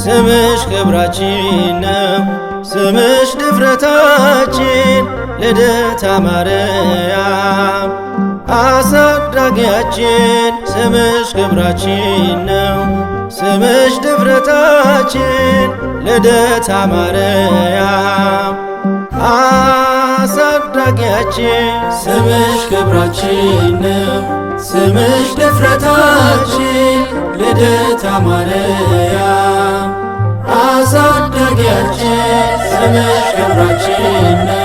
ስምሽ ክብራችን ነው፣ ስምሽ ድፍረታችን ልደታ ማርያም መጠጊያችን ስምሽ ክብራችን ነው ስምሽ ድፍረታችን ልደታ ማርያም አሳዳጊያችን ስምሽ ክብራችን ነው ስምሽ ድፍረታችን ልደታ ማርያም አሳዳጊያችን ስምሽ ክብራችን ነው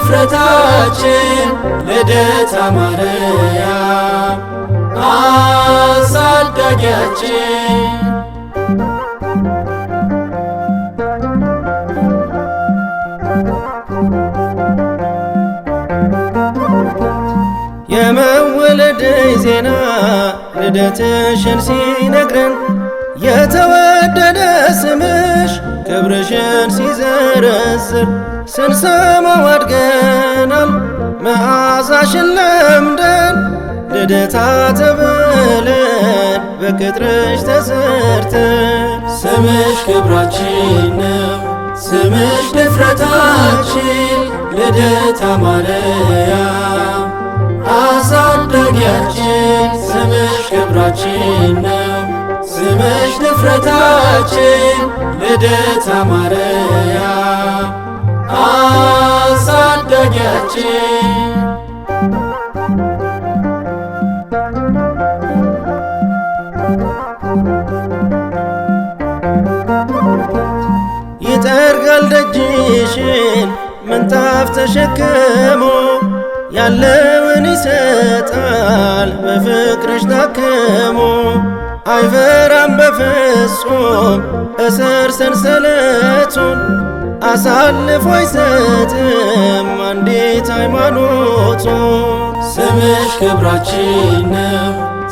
እፍረታችን ልደታ ማርያም አሳዳጊያችን የመወለድ ዜና ልደትሽን ሲነግረን የተወደደ ስምሽ ክብርሽን ሲዘረዝር ስንሰማው አድገናል መዓዛሽን ለምደን ልደታ ተብለን በቅጥርሽ ተዘርተን ስምሽ ክብራችን ነው ስምሽ ድፍረታችን ልደታ ማርያም አሳዳጊያችን ስምሽ ክብራችን ነው ስምሽ ድፍረታችን ልደታ ማርያም አሳደገችን። ይጠርጋል ደጅሽን ምንጣፍ ተሸክሞ ያለውን ይሰጣል በፍቅርሽ ታክሞ አይፈራም በፍጹም እሰር ሰንሰለቱን አሳልፎ አይሰጥም አንዲት ሃይማኖቱ። ስምሽ ክብራችን ነው፣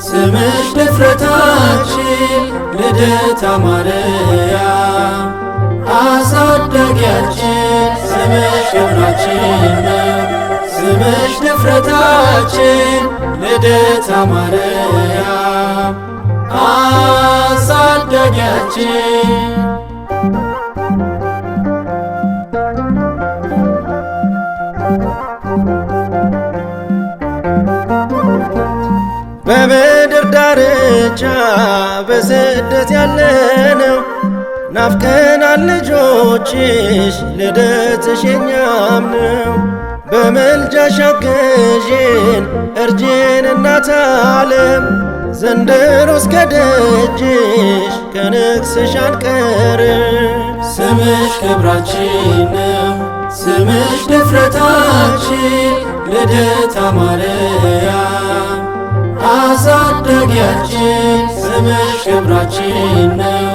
ስምሽ ድፍረታችን። ልደታ ማርያም አሳዳጊያችን፣ ስምሽ ክብራችን ነው፣ ስምሽ ድፍረታችን። ልደታ ማርያም አሳዳጊያችን ብቻ በስደት ያለነው ናፍቀናል ልጆችሽ ልደትሽ የኛም ነው። በመልጃሽ አግዢን እርጂን እናት ዓለም ዘንድሮ እስከ ደጅሽ ከንግስሽ አንቀርም። ስምሽ ክብራችን ነው፣ ስምሽ ድፍረታችን ልደታ ማርያም ስምሽ ክብራችን ነው፣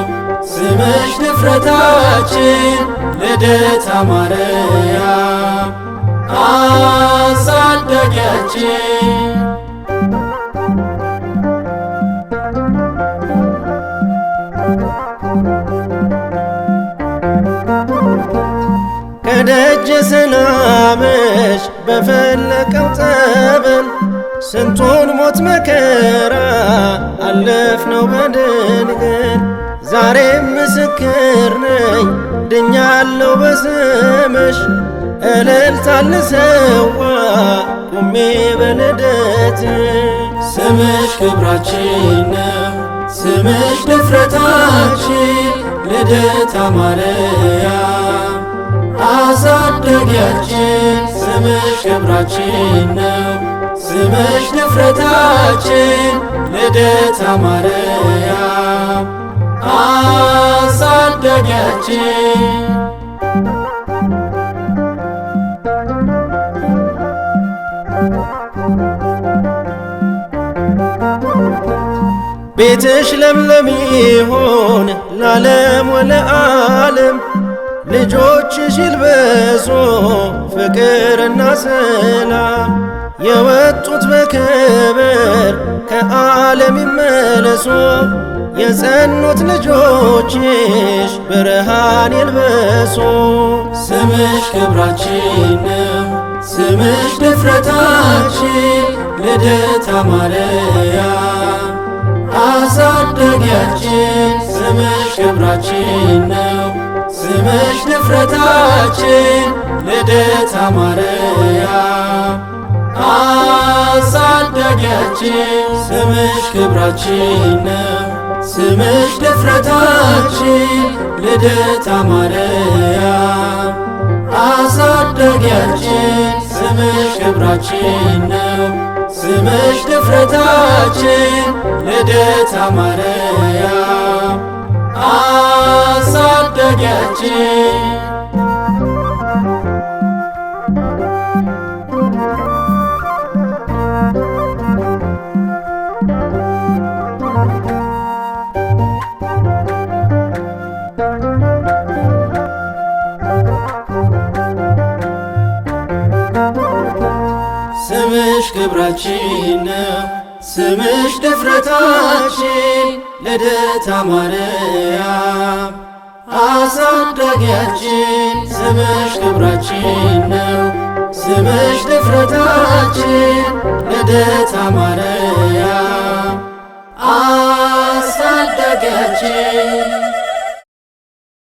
ስምሽ ድፍረታችን። ልደታ ማርያም አሳዳጊያችን ከደጅ ሰላምሽ በፈለቀው ጸበል ስንቱን ሞት መከራ ነው በድንግል ዛሬም ምስክር ነኝ ድኛለሁ በስምሽ እልልታል ሰዋ ቁሜ በልደት ስምሽ ክብራችን ነው ስምሽ ድፍረታችን ልደታ ማርያም አሳደጊያችን ስምሽ ክብራችን ነው ስምሽ ንፍረታችን ልደታ ማርያም አሳደጊያችን ቤትሽ ለምለም ይሁን ለዓለም ወለዓለም ልጆችሽ ይልበሱ ፍቅርና ሰላም ከመጡት በክብር ከዓለም ይመለሱ የጸኑት ልጆችሽ ብርሃን ይልበሱ። ስምሽ ክብራችን ነው፣ ስምሽ ድፍረታችን። ልደታ ማርያም አሳደጊያችን፣ ስምሽ ክብራችን ነው፣ ስምሽ ድፍረታችን። ልደታ ማርያም አሳደገችን። ስምሽ ክብራችን ነው፣ ስምሽ ድፍረታችን። ልደታ ማርያም አሳደገችን። ስምሽ ክብራችን ነው፣ ስምሽ ድፍረታችን። ልደታ ማርያም አሳደገችን ስምሽ ክብራችን ነው፣ ስምሽ ድፍረታችን። ልደታ ማርያም አሳዳጊያችን፣ ስምሽ ክብራችን ነው፣ ስምሽ ድፍረታችን። ልደታ ማርያም አሳዳጊያችን